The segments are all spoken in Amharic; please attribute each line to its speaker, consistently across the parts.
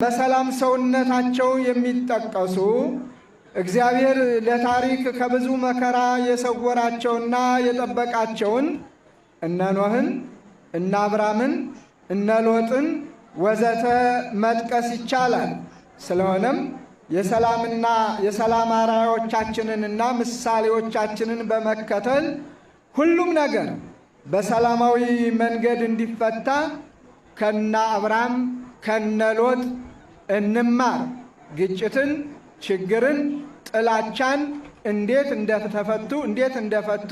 Speaker 1: በሰላም ሰውነታቸው የሚጠቀሱ እግዚአብሔር ለታሪክ ከብዙ መከራ የሰወራቸውና የጠበቃቸውን እነ ኖህን እነ አብራምን እነ ሎጥን ወዘተ መጥቀስ ይቻላል። ስለሆነም የሰላምና የሰላም አራዮቻችንንና ምሳሌዎቻችንን በመከተል ሁሉም ነገር በሰላማዊ መንገድ እንዲፈታ ከነ አብርሃም ከነ ሎጥ እንማር። ግጭትን፣ ችግርን፣ ጥላቻን እንዴት እንደተፈቱ እንዴት እንደፈቱ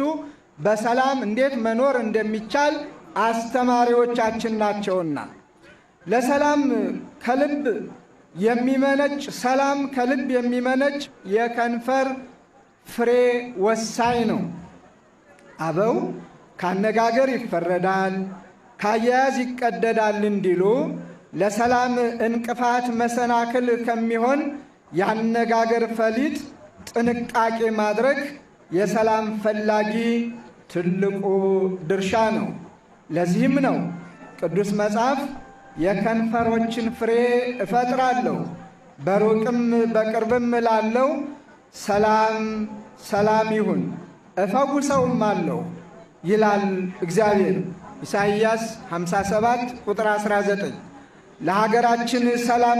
Speaker 1: በሰላም እንዴት መኖር እንደሚቻል አስተማሪዎቻችን ናቸውና ለሰላም ከልብ የሚመነጭ ሰላም ከልብ የሚመነጭ የከንፈር ፍሬ ወሳኝ ነው። አበው ካነጋገር ይፈረዳል፣ ካያያዝ ይቀደዳል እንዲሉ ለሰላም እንቅፋት መሰናክል ከሚሆን የአነጋገር ፈሊጥ ጥንቃቄ ማድረግ የሰላም ፈላጊ ትልቁ ድርሻ ነው። ለዚህም ነው ቅዱስ መጽሐፍ የከንፈሮችን ፍሬ እፈጥራለሁ በሩቅም በቅርብም ላለው ሰላም ሰላም ይሁን እፈውሰውም አለው ይላል እግዚአብሔር። ኢሳይያስ 57 ቁጥር 19 ለሀገራችን ሰላም